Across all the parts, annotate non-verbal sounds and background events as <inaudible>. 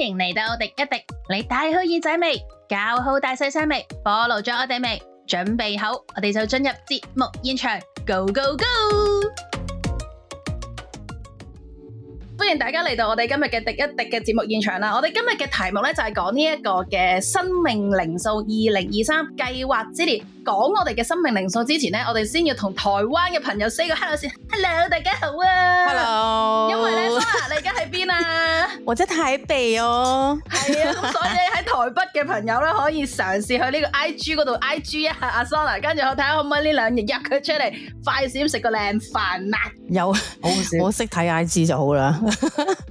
歡迎嚟到廸一廸，你戴好耳仔未？搞好大細聲未？follow 咗我哋未？準備好，我哋就進入節目現場，Go Go Go！歡迎大家嚟到我哋今日嘅廸一廸嘅節目現場啦！我哋今日嘅題目咧就係講呢一個嘅生命靈數二零二三計劃之年。講我哋嘅生命靈數之前咧，我哋先要同台灣嘅朋友 say 個 hello 先，hello 大家好啊，hello，因為咧，Sona 你而家喺邊啊？或者台北哦，係啊，所以喺台北嘅朋友咧，可以嘗試去呢個 IG 嗰度 IG 一下阿 Sona 跟住我睇下可唔可以呢兩日約佢出嚟快閃食個靚飯啊！有，我識睇 IG 就好啦。 <laughs> <laughs>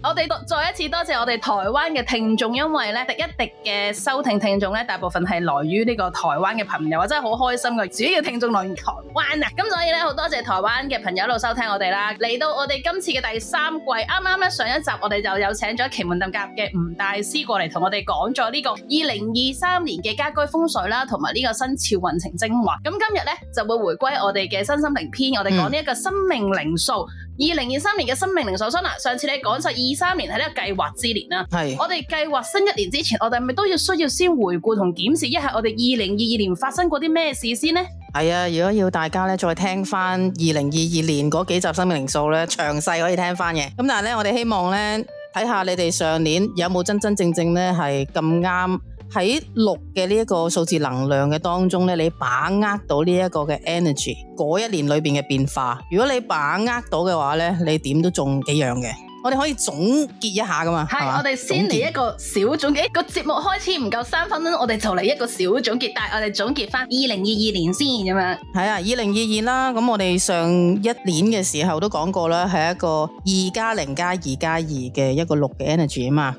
我哋再一次多謝我哋台灣嘅聽眾，因為咧廸一廸嘅收聽聽眾咧，大部分係來於呢個台灣嘅朋友，或者。好。開心嘅，主要聽眾來源台灣啊，咁所以咧好多謝台灣嘅朋友一路收聽我哋啦。嚟到我哋今次嘅第三季，啱啱咧上一集我哋就有請咗奇門遁甲嘅吳大師過嚟同我哋講咗呢個二零二三年嘅家居風水啦，同埋呢個生肖運程精華。咁今日咧就會回歸我哋嘅身心靈篇，我哋講呢一個生命靈數。嗯二零二三年嘅生命靈數啦，上次你講晒二三年係呢個計劃之年啦。係是，我哋計劃新一年之前，我哋係咪都要需要先回顧同檢視一下我哋二零二二年發生過啲咩事先呢？係啊，如果要大家咧再聽翻二零二二年嗰幾集生命靈數咧，詳細可以聽翻嘅。咁但係咧，我哋希望咧睇下你哋上年有冇真真正正咧係咁啱。喺六嘅呢一個數字能量嘅當中呢，你把握到呢一個嘅 energy、嗰一年裏面嘅變化，如果你把握到嘅話呢，你點都中幾樣嘅。我哋可以總結一下㗎嘛？係對吧我哋先嚟一個小總結，哎、個節目開始唔夠三分鐘，我哋就嚟一個小總結，但係我哋總結返二零二二年先咁樣。係啊，二零二二啦，咁我哋上一年嘅時候都講過啦，係一個二加零加二加二嘅一個六嘅 energy 啊嘛。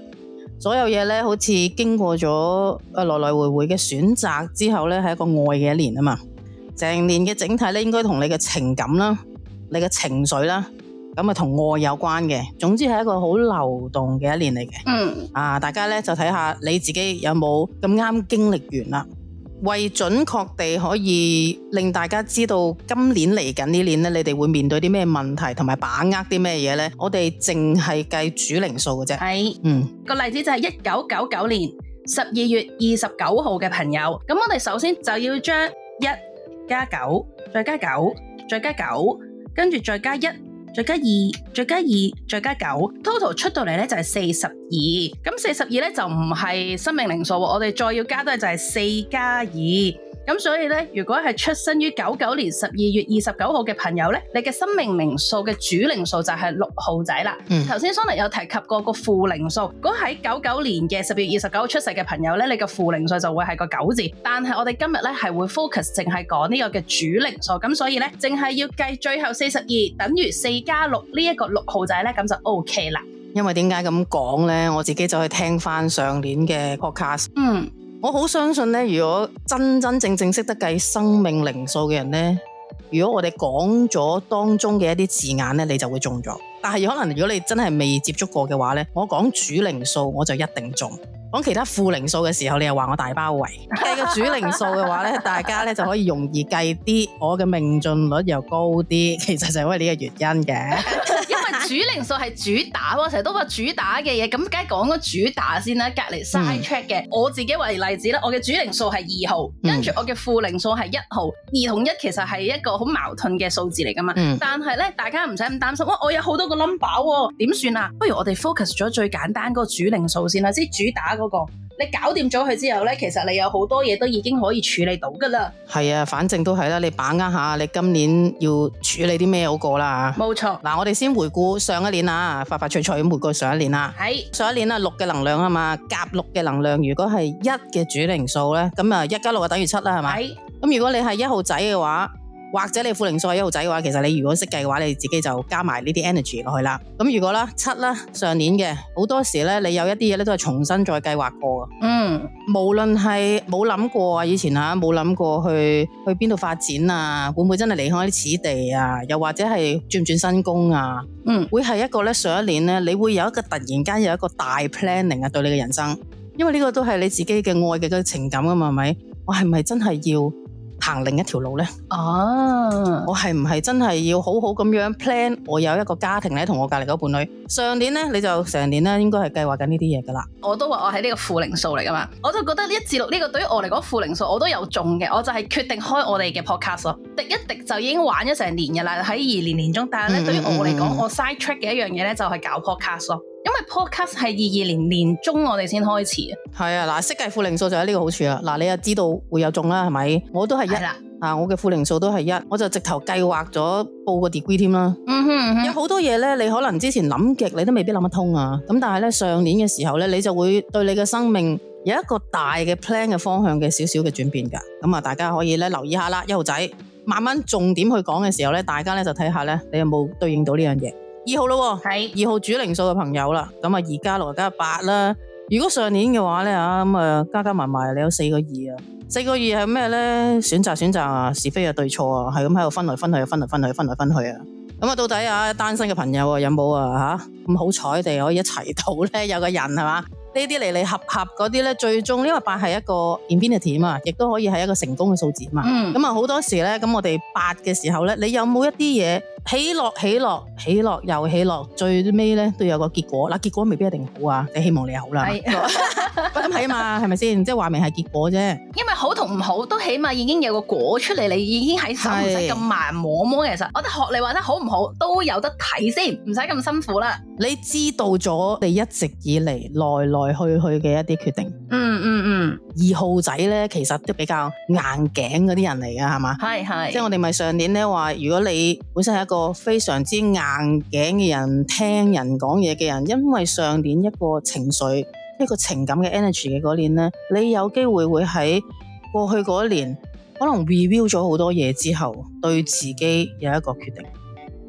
所有嘢呢，好似經過咗啊，來來回回嘅選擇之後呢，係一個愛嘅一年啊嘛！成年嘅整體呢，應該同你嘅情感啦、你嘅情緒啦，咁啊同愛有關嘅。總之係一個好流動嘅一年嚟嘅。嗯。啊，大家呢就睇下你自己有冇咁啱經歷完啦。為準確地可以令大家知道，今年嚟緊呢年咧，你哋會面對啲咩問題，同埋把握啲咩嘢咧？我哋淨係計主靈數嘅啫。係，嗯，個例子就係一九九九年十二月二十九號嘅朋友。咁我哋首先就要將一加九，再加九，再加九，跟住再加一。再加二，再加二，再加九，total 出到嚟咧就係四十二。咁四十二咧就唔係生命靈數，我哋再要加多就係四加二。咁所以咧，如果係出生於九九年十二月二十九號嘅朋友咧，你嘅生命靈數嘅主靈數就係六號仔啦。頭先 Sona 有提及過個副靈數，如果喺九九年嘅十月二十九號出世嘅朋友咧，你嘅副靈數就會係個九字。但係我哋今日咧係會 focus 淨係講呢個嘅主靈數。咁所以咧，淨係要計最後四十二等於四加六呢一個六號仔咧，咁就 OK 啦。因為點解咁講咧？我自己就聽去聽翻上年嘅 podcast。嗯。我好相信咧，如果真真正正識得計生命靈數嘅人咧，如果我哋講咗當中嘅一啲字眼咧，你就會中咗。但係可能如果你真係未接觸過嘅話咧，我講主靈數我就一定中。講其他副靈數嘅時候，你又話我大包圍。計個 <laughs> 主靈數嘅話咧，大家咧就可以容易計啲，我嘅命中率又高啲。其實就係因為呢個原因嘅。 <laughs> 主靈數係主打，我成日都話主打嘅嘢，咁梗係講個主打先啦。隔籬 side track 嘅，嗯、我自己為例子啦，我嘅主靈數係二號，跟住、嗯、我嘅副靈數係一號，二同一其實係一個好矛盾嘅數字嚟㗎嘛。嗯、但係咧，大家唔使咁擔心，哇！我有好多個 number，點、啊、算啊？不如我哋 focus 咗最簡單嗰個主靈數先啦，即係主打嗰、嗰個。你搞掂咗佢之後呢，其實你有好多嘢都已經可以處理到噶啦。係啊，反正都係啦，你把握下你今年要處理啲咩好過啦。冇錯，嗱，我哋先回顧上一年啊，快快脆脆，回顧上一年啦。係是。上一年啊，六嘅能量啊嘛，夾六嘅能量，如果係一嘅主靈數呢，咁啊一加六就等於七啦，係嘛？係是。咁如果你係一號仔嘅話。或者你副靈數係一號仔嘅話，其實你如果識計嘅話，你自己就加埋呢啲 energy 落去啦。咁如果咧七咧上年嘅，好多時咧你有一啲嘢咧都係重新再計劃過的。嗯，無論係冇諗過啊，以前吓冇諗過去去邊度發展啊，會唔會真係離開呢此地啊？又或者係轉唔轉新工啊？嗯，會係一個咧上一年咧，你會有一個突然間有一個大 planning 啊，對你嘅人生，因為呢個都係你自己嘅愛嘅情感啊嘛，係咪？我係咪真係要？行另一條路咧，哦，oh. 我係唔係真係要好好咁樣 plan？我有一個家庭咧，同我隔離嗰伴侶，上年咧你就成年咧應該係計劃緊呢啲嘢噶啦。我都話我係呢個副靈數嚟噶嘛，我都覺得一至六呢個對於我嚟講副靈數，我都有中嘅。我就係決定開我哋嘅 podcast 咯，廸一廸就已經玩咗成年噶啦，喺二年年中。但係咧，對於我嚟講，mm hmm. 我 side track 嘅一樣嘢咧就係搞 podcast 咯。因為 podcast 係二二年年中我哋先開始的是啊，係啊，嗱，識計負零數就有呢個好處啦、啊，嗱、啊，你就知道會有中啦，係咪？我都係一，是的啊，我嘅負零數都係一，我就直頭計劃咗報個 degree 添啦。嗯哼，有好多嘢呢，你可能之前諗極你都未必諗得通啊，咁但係咧上年嘅時候咧，你就會對你嘅生命有一個大嘅 plan 嘅方向嘅少少嘅轉變噶，咁、嗯、啊，大家可以咧留意下啦，一號仔慢慢重點去講嘅時候咧，大家咧就睇下咧，你有冇對應到呢樣嘢。二號咯，係二是號主零數嘅朋友啦。咁啊，二加六加八啦。如果上年嘅話咧，啊咁啊加加埋埋，你有四個二啊。四個二係咩咧？選擇選擇，是非啊對錯啊，係咁喺度分來分去，分來分，分，分，分，分去，分來分去啊。咁啊，到底啊單身嘅朋友有有啊有冇啊吓咁好彩地可以一齊到咧？有個人係嘛？呢啲嚟嚟合合嗰啲咧，最終因為八係一個 infinity 啊，亦都可以係一個成功嘅數字啊嘛。咁啊、嗯，好多時咧，咁我哋八嘅時候咧，你有冇一啲嘢？起落起落起落又起落，最尾咧都有個結果。嗱，結果未必一定好啊，你希望你好啦。咁起碼，係咪先？即係話明係結果啫。因為好同唔好都起碼已經有個果出嚟，你已經喺手，唔使咁慢摸摸。其實我覺得學你話得好唔好，都有得睇先，唔使咁辛苦啦。你知道咗你一直以嚟來，來來去去嘅一啲決定。嗯嗯嗯，二號仔咧，其實都比較硬頸嗰啲人嚟㗎，係嘛？係係，即係我哋咪上年咧話，如果你本身係一個非常之硬頸嘅人，聽人講嘢嘅人，因為上年一個情緒、一個情感嘅 energy 嘅嗰年咧，你有機會會喺過去嗰一年可能 review 咗好多嘢之後，對自己有一個決定，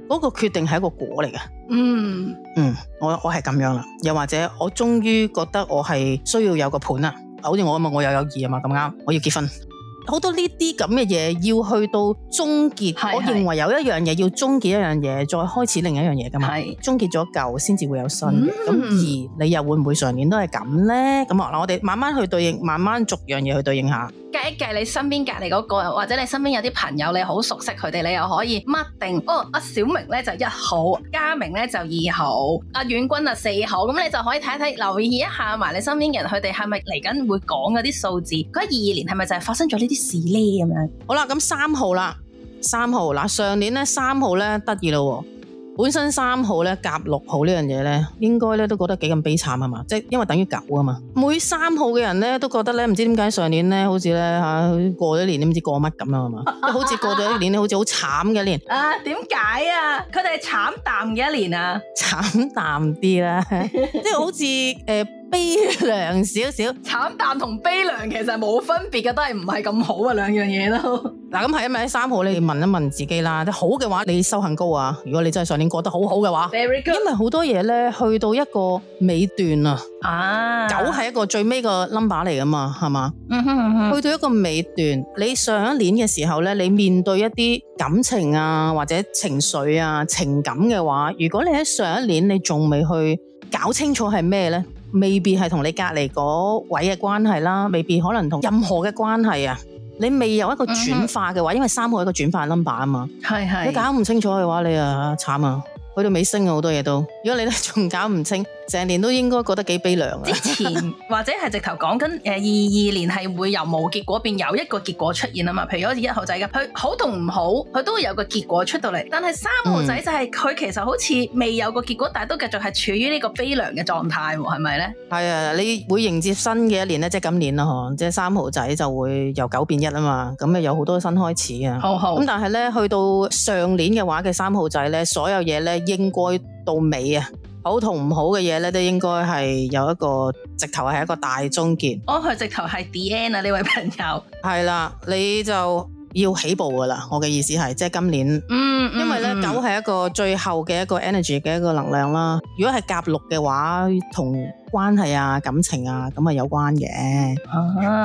嗰個決定係一個果嚟嘅。嗯嗯，我我係咁樣啦，又或者我終於覺得我係需要有個伴啦，好似我咁啊，我又有兒啊嘛，咁啱我要結婚。好多呢啲咁嘅嘢，要去到終結。是是我認為有一樣嘢要終結一樣嘢，再開始另一樣嘢噶嘛。係是是 終結咗舊，先至會有新。咁、嗯、而你又會唔會上年都係咁咧？咁啊，嗱，我哋慢慢去對應，慢慢逐樣嘢去對應下。計一計你身邊隔離嗰、嗰個，或者你身邊有啲朋友你，你好熟悉佢哋，你又可以乜定？哦，阿小明咧就一號，嘉明咧就二號，阿遠君啊四號。咁你就可以睇一睇，留意一下埋你身邊人佢哋係咪嚟緊會講啲數字。佢二二年係咪就係發生咗呢啲？咁樣，好啦，咁三號啦，三號嗱上年咧三號咧得意咯，本身三號咧夾六號呢樣嘢咧，應該咧都覺得幾咁悲慘啊嘛，即係因為等於九啊嘛，每三號嘅人咧都覺得咧唔知點解上年咧好似咧吓過咗一年都唔知過乜咁樣啊嘛， <laughs> 好似過咗一年咧好似好慘嘅一年啊，點解啊？佢哋係慘淡嘅一年啊，慘淡啲啦，即 <laughs> 係好似誒。呃 <laughs> 悲涼少少，慘淡同悲涼其實冇分別嘅，都係唔係咁好啊兩樣嘢都。嗱咁係因為喺三號，你哋問一問自己啦。好嘅話，你修行高啊。如果你真係上年過得好好嘅話，Very good。因為好多嘢咧，去到一個尾段啊，啊，九係一個最尾個 number 嚟噶嘛，係嘛？嗯哼嗯哼。去到一個尾段，你上一年嘅時候咧，你面對一啲感情啊，或者情緒啊、情感嘅話，如果你喺上一年你仲未去搞清楚係咩咧？未必係同你隔籬嗰位嘅關係啦，未必可能同任何嘅關係啊！你未有一個轉化嘅話，因為三號係一個轉化 number 啊嘛，是是你搞唔清楚嘅話，你啊慘啊！去到尾聲嘅好多嘢都，如果你都仲搞唔清，成年都應該覺得幾悲涼啊！之前 <laughs> 或者係直頭講緊誒二二年係會由無結果變有一個結果出現啊嘛，譬如好似一號仔咁，佢好同唔好佢都會有個結果出到嚟。但係三號仔就係、是、佢、嗯、其實好似未有個結果，但係都繼續係處於呢個悲涼嘅狀態，係咪咧？係啊，你會迎接新嘅一年咧，即係今年啦嗬，即係三號仔就會由九變一啊嘛，咁誒有好多新開始啊。好，好、嗯，好。咁但係咧，去到上年嘅話嘅三號仔咧，所有嘢咧。應該到尾啊！好同唔好嘅嘢咧，都應該係有一個直頭係一個大終結。哦，佢 <music> 直頭係 D N 啊，呢位朋友。係啦， <music> <music> 你就要起步噶啦。我嘅意思係，即係今年。嗯。嗯，因為咧，九係一個最後嘅一個 energy 嘅一個能量啦。如果係甲六嘅話，同關係啊，感情啊，咁啊有關嘅，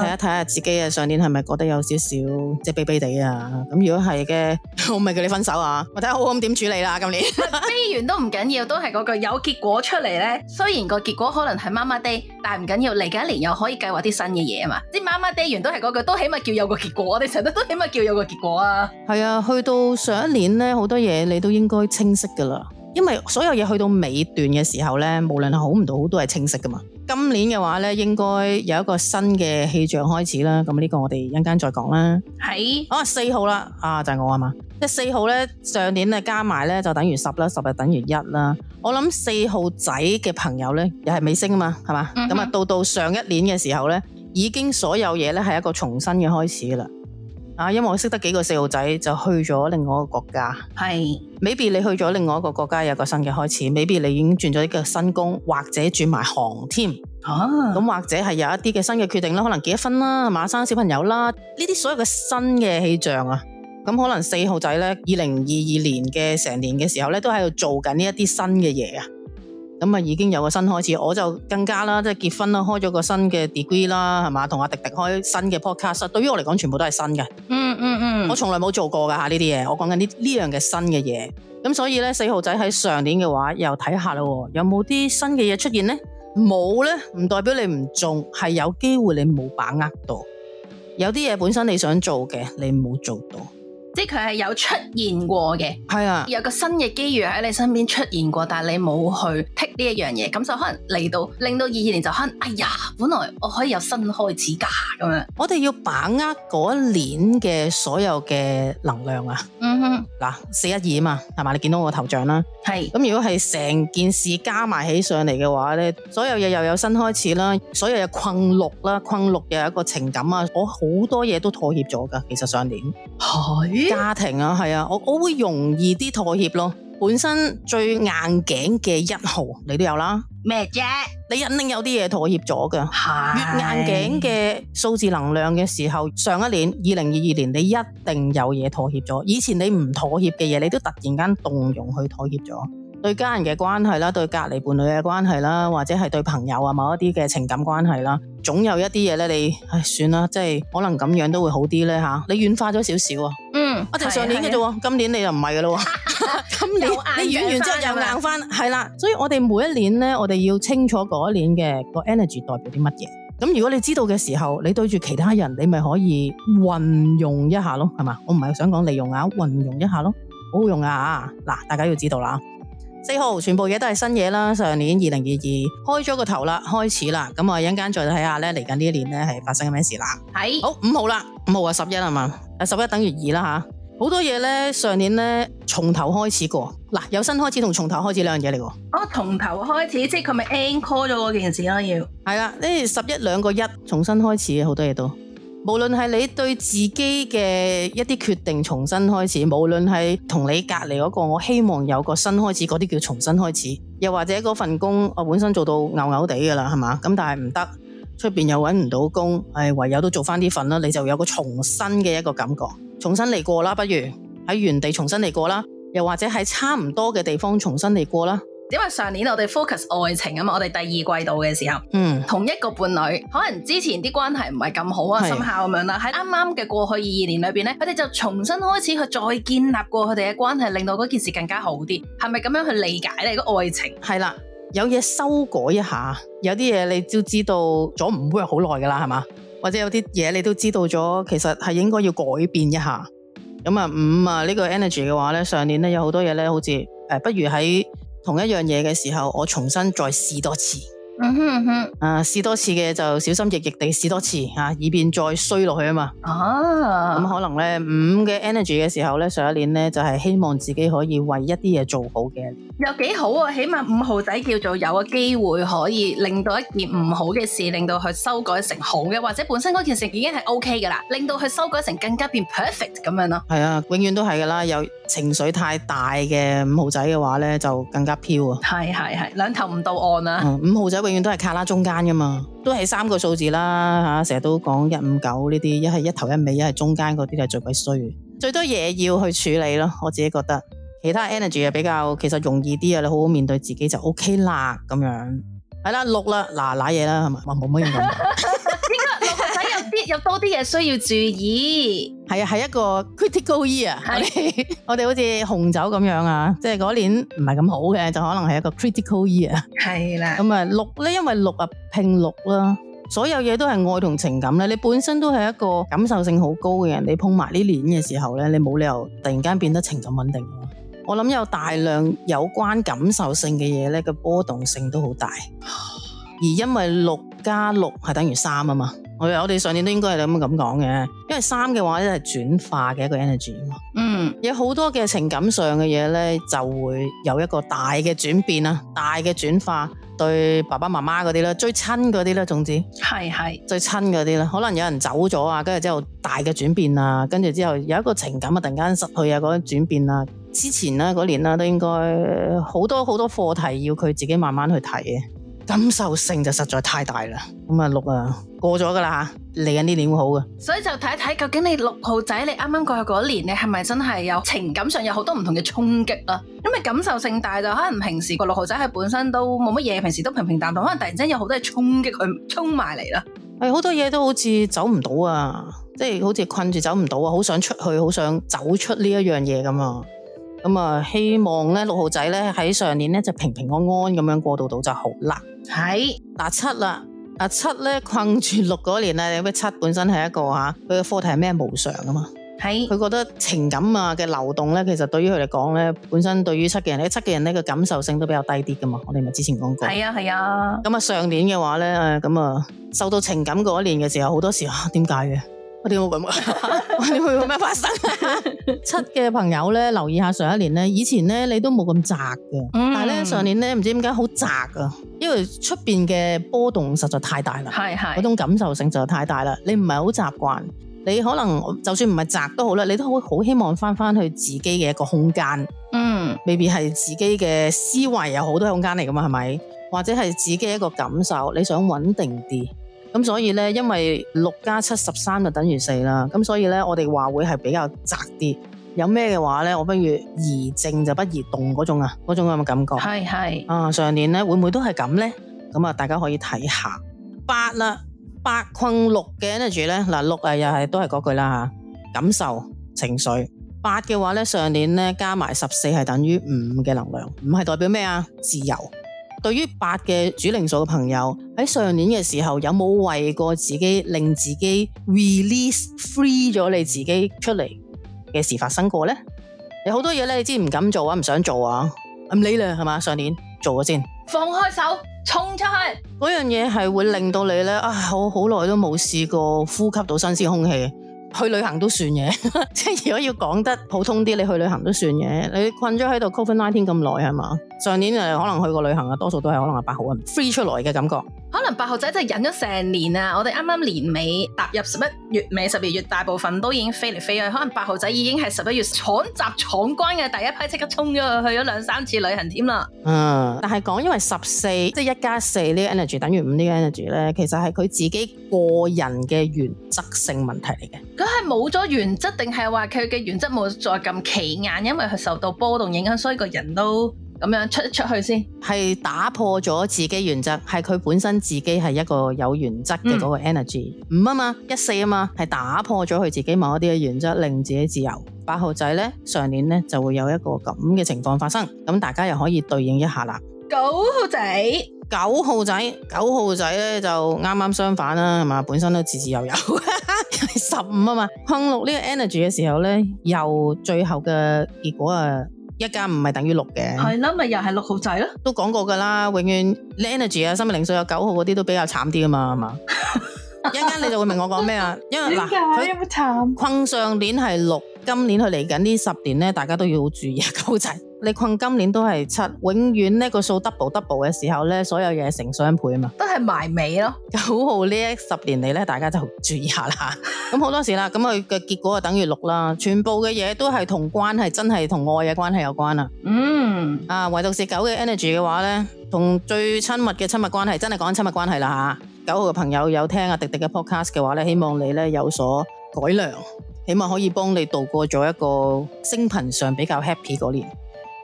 睇一睇下自己啊，上年係咪覺得有少少即係悲悲地啊？咁如果係嘅，我咪叫你分手啊，我睇下好咁好點處理啦，啊？今年 <laughs> <laughs> 悲完都唔緊要，都係嗰句，有結果出嚟咧。雖然個結果可能係麻麻地，但唔緊要，要，嚟緊一年又可以計劃啲新嘅嘢啊嘛。即係麻麻地完都係嗰句，都起碼叫有個結果。我哋成日都起碼叫有個結果啊。係啊，去到上一年咧，好多嘢你都應該清晰噶啦。因為所有嘢去到尾段嘅時候咧，無論係好唔到好都係清晰噶嘛今年嘅話咧，應該有一個新嘅氣象開始啦。咁呢個我哋一陣間再講啦。係是、啊，啊四號啦，啊就係、是、我啊嘛。即係四號咧，上年咧加埋咧就等於十啦，十日等於一啦。我諗四號仔嘅朋友咧，又係尾聲啊嘛，係嘛。咁啊、嗯、哼到到上一年嘅時候咧，已經所有嘢咧係一個重新嘅開始啦。啊！因為我識得幾個四號仔就去咗另外一個國家，係，未必你去咗另外一個國家有個新嘅開始，未必你已經轉咗一個新工，或者轉埋行添，咁、啊、或者係有一啲嘅新嘅決定啦，可能結咗婚啦，馬生小朋友啦，呢啲所有嘅新嘅氣象啊，咁可能四號仔呢，二零二二年嘅成年嘅時候呢，都喺度做緊呢啲新嘅嘢啊！咁啊，已經有個新開始，我就更加啦，即係結婚啦，開咗個新嘅 degree 啦，係嘛，同阿廸廸開新嘅 podcast。對於我嚟講，全部都係新嘅。嗯，嗯嗯嗯，我從來冇做過噶吓呢啲嘢，我講緊呢呢樣嘅新嘅嘢。咁所以咧，四號仔喺上年嘅話又睇下咯，有冇啲新嘅嘢出現咧？冇咧，唔代表你唔中，係有機會你冇把握到。有啲嘢本身你想做嘅，你冇做到。即係佢係有出現過嘅，係啊，有個新嘅機遇喺你身邊出現過，但係你冇去剔呢一樣嘢，咁就可能嚟到令到二二年就可能，哎呀，本來我可以有新開始噶，咁樣。我哋要把握嗰一年嘅所有嘅能量啊！嗯哼，嗱，四一二啊嘛，係嘛？你見到我頭像啦，係是。咁如果係成件事加埋起上嚟嘅話咧，所有嘢又有新開始啦，所有嘢困六啦，困六又有一個情感啊，我好多嘢都妥協咗噶，其實上年係。家庭啊，係啊，我我會容易啲妥協咯。本身最硬頸嘅一號，你都有啦。咩啫麼？你肯定有啲嘢妥協咗㗎。是越硬頸嘅數字能量嘅時候，上一年二零二二年，你一定有嘢妥協咗。以前你唔妥協嘅嘢，你都突然間動容去妥協咗。對家人嘅關係啦，對隔離伴侶嘅關係啦，或者係對朋友啊，某一啲嘅情感關係啦，總有一啲嘢咧，你唉，算啦，即係可能咁樣都會好啲咧吓。你軟化咗少少啊，嗯，我哋上年嘅啫，是是今年你就唔係噶咯。今年你軟完之後又硬翻，係啦、嗯。所以我哋每一年咧，我哋要清楚嗰一年嘅、個 energy 代表啲乜嘢。咁如果你知道嘅時候，你對住其他人，你咪可以運用一下咯，係嘛？我唔係想講利用啊，運用一下咯，好好用啊。嗱，大家要知道啦。四號全部嘢都係新嘢啦，上年二零二二開咗個頭啦，開始啦，咁我一陣間再睇下咧，嚟緊呢一年咧係發生緊咩事啦。係是，好，五號啦，五號啊十一係嘛，十一等於二啦，好多嘢咧上年咧從頭開始過，嗱有新開始同從頭開始兩樣嘢嚟噶。哦，從頭開始，即係佢咪 n call 咗嗰件事咯，啊，要係啦，呢十一兩個一，重新開始嘅好多嘢都。無論係你對自己嘅一啲決定重新開始，無論係同你隔籬嗰個，我希望有個新開始，嗰啲叫重新開始。又或者嗰份工我本身做到嘔嘔地噶啦，係嘛？咁但係唔得，出邊又搵唔到工，誒，唯有都做返啲份啦。你就有個重新嘅一個感覺，重新嚟過啦，不如喺原地重新嚟過啦，又或者喺差唔多嘅地方重新嚟過啦。因為上年我哋 focus 愛情啊嘛，我哋第二季度嘅時候，嗯、同一個伴侶，可能之前啲關係唔係咁好啊，心下咁樣啦，喺啱啱嘅過去二二年裏邊咧，佢哋就重新開始去再建立過佢哋嘅關係，令到嗰件事更加好啲，係咪咁樣去理解你個愛情？係啦，嗯，有嘢修改一下，有啲嘢你都知道咗唔 work 好耐噶啦，係嘛？或者有啲嘢你都知道咗，其實係應該要改變一下。咁啊五啊呢個 energy 嘅話咧，上年咧有多好多嘢咧，好似誒不如喺。同一樣嘢嘅時候，我重新再試多次。嗯哼嗯哼，誒試多次嘅就小心翼翼地試多次吓，以便再衰落去啊嘛。啊，咁可能咧五嘅 energy 嘅時候咧，上一年咧就係希望自己可以為一啲嘢，做好嘅。又幾好啊，起碼五號仔叫做有個機會可以令到一件唔好嘅事，令到佢修改成好嘅，或者本身嗰件事已經係 OK 噶啦令到佢修改成更加變 perfect 咁樣咯。係啊，永遠都係噶啦。有情緒太大嘅五號仔嘅話咧，就更加飄啊。係係係，兩頭唔到岸啊。五號仔。永遠都係卡啦中間噶嘛，都係三個數字啦吓，成日都講一五九呢啲，一係一頭一尾，一係中間嗰啲就最鬼衰，最多嘢要去處理咯。我自己覺得，其他 energy 啊比較其實容易啲啊，你好好面對自己就 OK 啦咁樣。係啦，六啦，嗱瀨嘢啦係嘛，我冇乜用。有多啲嘢需要注意，係一個 critical year 是 <laughs> 我哋好似紅酒咁樣啊，即係嗰年唔係咁好嘅，就可能係一個 critical year 的。係啦，咁啊六呢？因為六啊拼六啦，所有嘢都係愛同情感。你本身都係一個感受性好高嘅人，你碰埋呢年嘅時候，你冇理由突然間變得情感穩定。我諗有大量有關感受性嘅嘢咧，個波動性都好大。而因為六加六係等於三啊嘛。我哋上年都應該係咁咁講嘅，因為三嘅話咧係轉化嘅一個 energy，嗯，有好多嘅情感上嘅嘢咧就會有一個大嘅轉變啦，大嘅轉化對爸爸媽媽嗰啲咧，最親嗰啲咧，總之係係是最親嗰啲啦，可能有人走咗啊，跟住之後大嘅轉變啊，跟住之後有一個情感啊，突然間失去啊嗰種轉變啊，之前啦嗰年啦都應該好多好多課題要佢自己慢慢去睇嘅。感受性就實在太大啦，咁啊六，啊過咗噶啦，嚟緊呢年會好嘅，所以就睇一睇究竟你六號仔你啱啱過去嗰年，你係咪真係有情感上有好多唔同嘅衝擊啦？因為感受性大就可能平時個六號仔佢本身都冇乜嘢，平時都平平淡淡，可能突然間有好多嘢衝擊佢衝埋嚟啦。係好多嘢都好似走唔到啊，即係好似困住走唔到啊，好想出去，好想走出呢一樣嘢噶嘛。咁啊，希望咧六號仔咧喺上年咧就平平安安咁樣過渡到就好啦。係嗱、啊、七啦，嗱、啊、七呢困住六嗰年呢，因為七本身係一個吓，佢嘅課題係咩無常啊嘛，係佢是覺得情感啊嘅流動呢，其實對於佢嚟講呢，本身對於七嘅人呢，七嘅人呢個感受性都比較低啲㗎嘛，我哋咪之前講過，係啊係啊，咁啊，啊上年嘅話呢，誒咁啊，啊受到情感嗰一年嘅時候，好多時候點解嘅？啊我哋冇咁，我哋會冇咩發生。七嘅朋友咧，留意下上一年咧，以前咧你都冇咁宅嘅，嗯、但係咧上年咧唔知點解好宅噶、啊，因為出邊嘅波動實在太大啦，係係嗰種感受性就太大啦。你唔係好習慣，你可能就算唔係宅都好啦，你都會好希望翻翻去自己嘅一個空間。嗯未必係自己嘅思維有好多空間嚟噶嘛，係咪？或者係自己一個感受，你想穩定啲。咁所以呢，因為六加七十三就等於四啦，咁所以呢，我哋話會係比較窄啲。有咩嘅話呢？我不如宜靜就不宜動嗰種啊，嗰種有冇感覺？係係 <music> 啊，上年呢會唔會都係咁咧？咁啊，大家可以睇下八啦，八困六嘅 energy 呢，六啊又係都係嗰句啦感受情緒。八嘅話呢，上年咧加埋十四係等於五嘅能量，五係代表咩啊？自由。對於八嘅主靈數嘅朋友，喺上年嘅時候有冇為過自己令自己 release、free 咗你自己出嚟嘅事發生過呢？有好多嘢咧，你之前唔敢做啊，唔想做啊，唔理啦，係嘛？上年做咗先，放開手，衝出去。嗰樣嘢係會令到你咧啊！我好好耐都冇試過呼吸到新鮮空氣。去旅行都算嘅，即係如果要講得普通啲，你去旅行都算嘅。你困咗喺度 covid nineteen 咁耐係嘛？上年誒可能去過旅行啊，多數都係可能八號啊，free 出來嘅感覺。可能八號仔真係忍咗成年啊！我哋啱啱年尾踏入十一月尾十二月，大部分都已經飛嚟飛去。可能八號仔已經係十一月闖閘闖關嘅第一批，即刻衝咗去咗兩三次旅行添啦。嗯，但係講因為十四即係一加四呢個 energy 等於五呢個 energy 咧，其實係佢自己個人嘅原則性問題嚟嘅。佢係冇咗原則，定係話佢嘅原則冇再咁企硬，因為佢受到波動影響，所以個人都咁樣出一出去先係打破咗自己原則，係佢本身自己係一個有原則嘅嗰個 energy 五啊、嗯、嘛一四啊嘛係打破咗佢自己某一啲嘅原則，令自己自由。八號仔呢，上年呢就會有一個咁嘅情況發生，咁大家又可以對應一下啦。九號仔。九號仔，九號仔咧就啱啱相反啦，係嘛？本身都自自由由，係十五啊嘛，碰六呢個 energy 嘅時候咧，又最後嘅結果啊，一加唔係等於六嘅，係啦，咪又係六號仔咯，都講過噶啦，永遠你 energy 啊，生命靈數有九號嗰啲都比較慘啲啊嘛，係嘛？ <laughs> 一陣間你就會明我講咩啊， <laughs> 因為嗱，佢有冇碰上年係六，今年佢嚟緊呢十年咧，大家都要注意九號仔。你困今年都係七，永遠呢個數 double double 嘅時候呢，所有嘢成雙倍啊嘛，都係埋尾咯。九號呢十年嚟咧，大家就注意下啦。咁 <laughs> 好多時啦，咁佢嘅結果就等於六啦。全部嘅嘢都係同關係，真係同愛嘅關係有關啦。嗯啊、唯獨是九嘅 energy 嘅話呢，同最親密嘅親密關係，真係講親密關係啦。九號嘅朋友有聽阿、啊、迪迪嘅 podcast 嘅話呢，希望你咧有所改良，起碼可以幫你度過咗一個星頻上比較 happy 嗰年。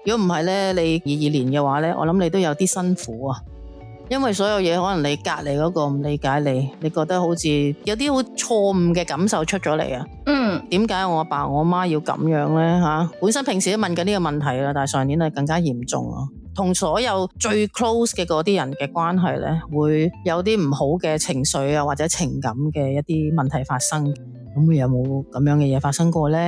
如果唔係咧，你二二年嘅話咧，我諗你都有啲辛苦啊，因為所有嘢可能你隔離嗰個唔理解你，你覺得好似有啲好錯誤嘅感受出咗嚟啊。嗯，點解我爸我媽要咁樣呢？啊？本身平時都問緊呢個問題啦，但係上年就更加嚴重啊。同所有最 close 嘅嗰啲人嘅關係咧，會有啲唔好嘅情緒啊，或者情感嘅一啲問題發生。咁會有冇咁樣嘅嘢發生過咧？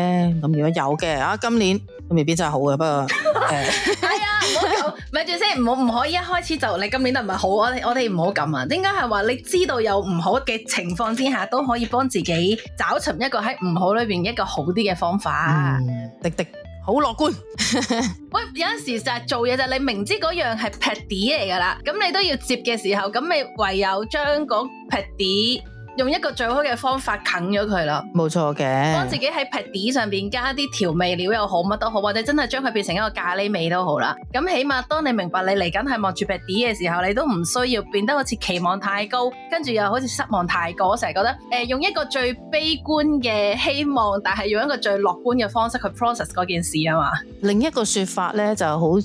咁如果有嘅，啊今年都未必真係好嘅。不過，係啊，唔好咁，咪住先，唔好唔可以一開始就你今年都唔係好。我哋我哋唔好咁啊，應該係話，你知道有唔好嘅情況之下，都可以幫自己找尋一個喺唔好裏邊一個好啲嘅方法。滴滴、嗯。嗯好樂觀， <laughs> 喂！有陣時就做嘢就你明知嗰樣係劈啲嚟㗎啦，咁你都要接嘅時候，咁你唯有將嗰劈啲。用一個最好嘅方法啃咗佢啦，冇錯嘅。幫自己喺 patty 上邊加啲調味料又好，乜都好，或者真係將佢變成一個咖喱味都好啦。咁起碼當你明白你嚟緊係望住 patty 嘅時候，你都唔需要變得好似期望太高，跟住又好似失望太過。我成日覺得誒、呃，用一個最悲觀嘅希望，但係用一個最樂觀嘅方式去 process 嗰件事啊嘛。另一個說法咧，就好似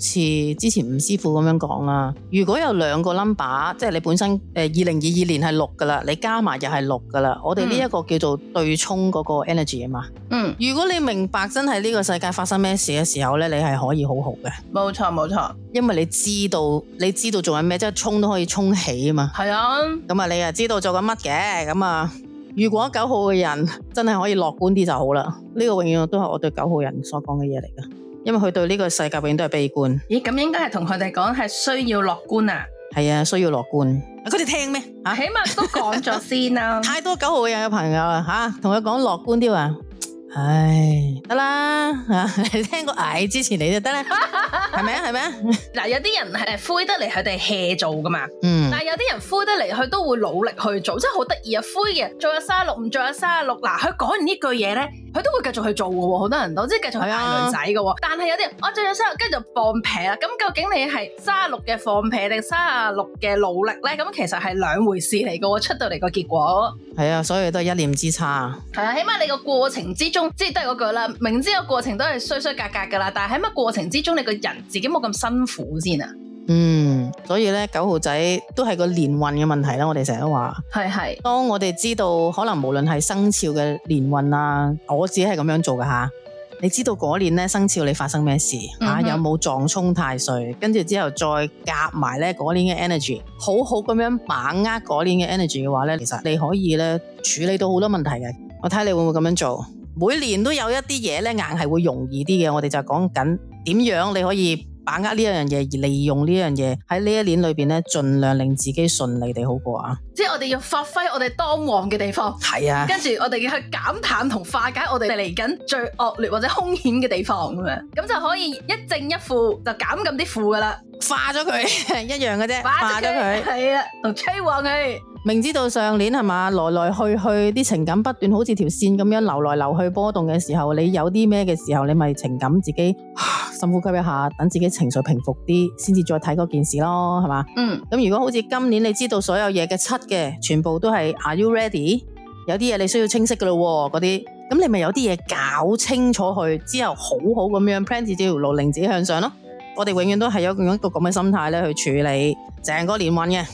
之前吳師傅咁樣講啦。如果有兩個 number，即係你本身誒二零二二年係六㗎啦，你加埋又係，六噶啦，嗯、我哋呢一個叫做對沖嗰個 energy 啊嘛。嗯，如果你明白真係呢個世界發生咩事嘅時候呢，你係可以好好嘅。冇錯冇錯，錯因為你知道，你知道做緊咩，即係沖都可以沖起啊嘛。係啊，咁啊，你又知道做緊乜嘅，咁啊，如果九號嘅人真係可以樂觀啲就好啦。呢個永遠都係我對九號人所講嘅嘢嚟㗎，因為佢對呢個世界永遠都係悲觀。咦，咁應該係同佢哋講係需要樂觀啊？係啊，需要樂觀。佢哋聽咩？啊，起碼都講咗先啦，啊。 <laughs> 太多九號嘅朋友啦，吓，啊，同佢講樂觀啲話。唉，得啦吓，你聽個矮支持你就得啦，係咪啊？係咪啊？嗱，有啲人係灰得嚟，佢哋 hea 做噶嘛，嗯。但係有啲人灰得嚟，佢都會努力去做，真係好得意啊！灰嘅做咗卅六，唔做咗卅六。嗱，佢講完呢句嘢咧，佢都會繼續去做噶，好多人都，即係繼續去嗌女仔噶。啊、但係有啲人，我做咗卅六，跟住就放屁啦。咁究竟你係卅六嘅放屁定卅六嘅努力咧？咁其實係兩回事嚟噶，出到嚟個結果係啊，所以都係一念之差。係啊，起碼你個過程之中。即係都係嗰句啦。明知個過程都係衰衰格格噶啦，但係喺乜過程之中，你個人自己冇咁辛苦先啊。嗯，所以咧九號仔都係個年運嘅問題啦。我哋成日都話係係。是是當我哋知道可能無論係生肖嘅年運啊，我自己係咁樣做噶吓、啊。你知道嗰年咧生肖你發生咩事吓、嗯哼啊，有冇撞沖太歲，跟住之後再夾埋咧嗰年嘅 energy，好好咁樣把握嗰年嘅 energy 嘅話咧，其實你可以咧處理到好多問題嘅。我睇你會唔會咁樣做？每年都有一啲嘢咧，硬係會容易啲嘅。我哋就講緊點樣你可以把握呢一樣嘢而利用呢樣嘢喺呢一年裏邊咧，盡量令自己順利地好過啊！即係我哋要發揮我哋當旺嘅地方，係啊，跟住我哋要去減淡同化解我哋嚟緊最惡劣或者兇險嘅地方咁樣，咁就可以一正一負就減咁啲負噶啦，化咗了佢 <laughs> 一樣嘅的啫，化咗佢係啊，同催旺佢。明知道上年係嘛，來來去去啲情感不斷，好似條線咁樣流來流去波動嘅時候，你有啲咩嘅時候，你咪情感自己深呼吸一下，等自己情緒平復啲，先至再睇嗰件事咯，係嘛？嗯。咁如果好似今年你知道所有嘢嘅七嘅，全部都係 Are you ready？有啲嘢你需要清晰嘅咯，嗰啲。咁你咪有啲嘢搞清楚去，之後好好咁樣 plan 自己條路，令自己向上咯。我哋永遠都係有咁樣一個咁嘅心態咧去處理成個年運嘅。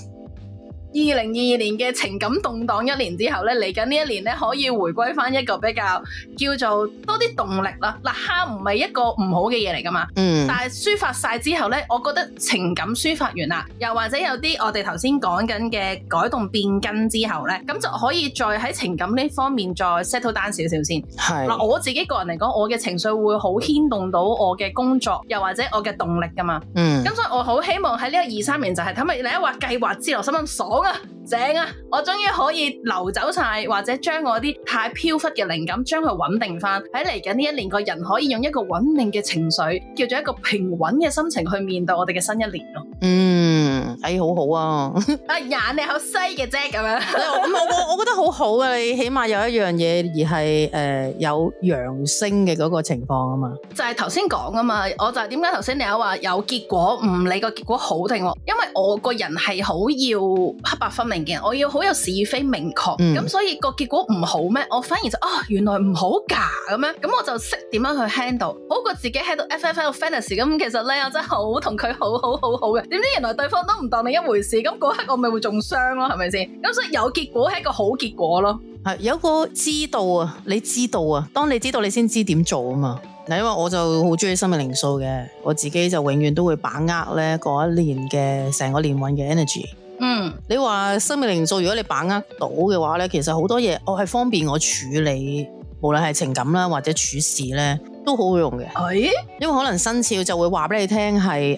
二零二二年嘅情感動盪一年之後咧，嚟緊呢一年咧，可以回歸返一個比較叫做多啲動力啦。嗱，蝦唔係一個唔好嘅嘢嚟㗎嘛。嗯。但係抒發晒之後咧，我覺得情感抒發完啦，又或者有啲我哋頭先講緊嘅改動變更之後咧，咁就可以再喺情感呢方面再 settle down 少少先。係。嗱，我自己個人嚟講，我嘅情緒會好牽動到我嘅工作，又或者我嘅動力㗎嘛。嗯。咁所以我好希望喺呢個二三年就係睇咪你一話計劃之年，心諗所。正啊！我終於可以流走晒，或者將我啲太飄忽嘅靈感，將佢穩定翻。喺嚟緊呢一年，個人可以用一個穩定嘅情緒，叫做一個平穩嘅心情去面對我哋嘅新一年咯。嗯，哎，好好啊。啊，眼你好犀嘅啫，咁樣。咁我我我覺得好好啊，你起碼有一樣嘢，而係誒，有揚升嘅嗰個情況啊嘛。就係頭先講啊嘛，我就係點解頭先你有話有結果，唔理個結果好定壞，因為我個人係好要。百分明嘅，我要好有是非明確咁，嗯、所以個結果唔好咩？我反而就哦，原來唔好噶咁樣咁，我就識點樣去 handle，好過自己喺度 FFL fantasy 咁。其實咧，我真係好同佢好，好好好好嘅，點知原來對方都唔當你一回事咁，嗰刻我咪會重傷咯，係咪先咁？所以有結果係一個好結果咯，係有個知道啊，你知道啊，當你知道、啊、你先知點做啊嘛。嗱，因為我就好中意生命靈數嘅，我自己就永遠都會把握咧嗰一年嘅成個年運嘅 energy。嗯，你話生命靈數如果你把握到嘅話咧，其實好多嘢我係方便我處理，無論係情感啦或者處事咧，都好好用嘅。係是，因為可能生肖就會話俾你聽係誒，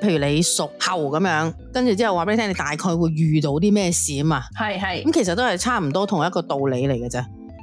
譬如你屬猴咁樣，跟住之後話俾你聽你大概會遇到啲咩事啊嘛。係係，咁、嗯、其實都係差唔多同一個道理嚟嘅啫。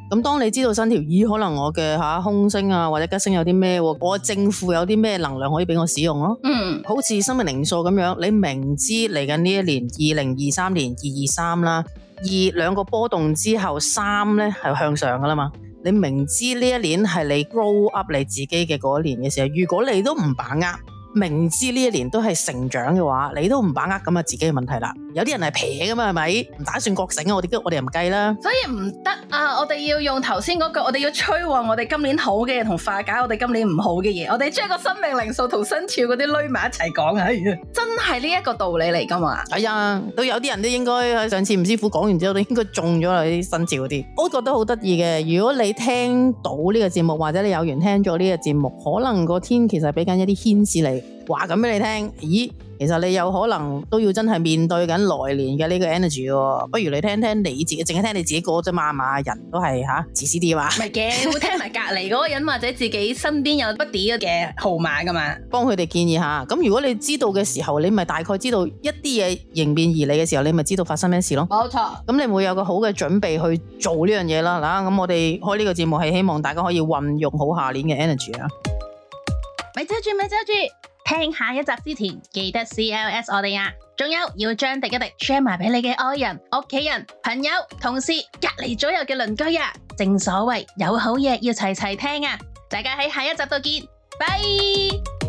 咁當你知道新條耳，可能我嘅嚇空星啊，或者吉星有啲咩喎，我正負有啲咩能量可以俾我使用咯，啊。嗯，好似生命靈數咁樣，你明知嚟緊呢一年二零二三年二二三啦，二兩個波動之後三呢係向上㗎喇嘛，你明知呢一年係你 grow up 你自己嘅嗰一年嘅時候，如果你都唔把握。明知呢一年都係成長嘅話，你都唔把握咁咪自己嘅問題啦。有啲人係撇嘅嘛，係咪唔打算覺醒啊？我哋都我哋又唔計啦。所以唔得啊！我哋要用頭先嗰句，我哋要催旺我哋今年好嘅嘢，同化解我哋今年唔好嘅嘢。我哋將個生命靈數同生肖嗰啲攣埋一齊講啊！係真係呢一個道理嚟㗎嘛？係啊，都有啲人都應該上次吳師傅講完之後，都應該中咗啦啲生肖嗰啲。我覺得好得意嘅。如果你聽到呢個節目，或者你有緣聽咗呢個節目，可能個天其實俾緊一啲牽涉你。話咁俾你聽，咦，其實你有可能都要真係面對緊來年嘅呢個 energy，哦、不如你聽聽你自己，淨係聽你自己歌啫嘛，阿人都係吓、啊、自私啲話。唔係嘅，會 <laughs> 聽埋隔籬嗰個人或者自己身邊有 b 啲嘅號碼噶嘛，幫佢哋建議下。咁如果你知道嘅時候，你咪大概知道一啲嘢迎面而嚟嘅時候，你咪知道發生咩事咯。冇錯錯。咁你會有個好嘅準備去做呢樣嘢啦。嗱，咁我哋開呢個節目係希望大家可以運用好下年嘅 energy 啊。咪走住，咪走住。聽下一集之前，記得 CLS 我哋啊，仲有要將廸一廸 share 埋俾你嘅愛人、屋企人、朋友、同事、隔籬左右嘅鄰居啊！正所謂有好嘢要齊齊聽啊！大家喺下一集度見，拜。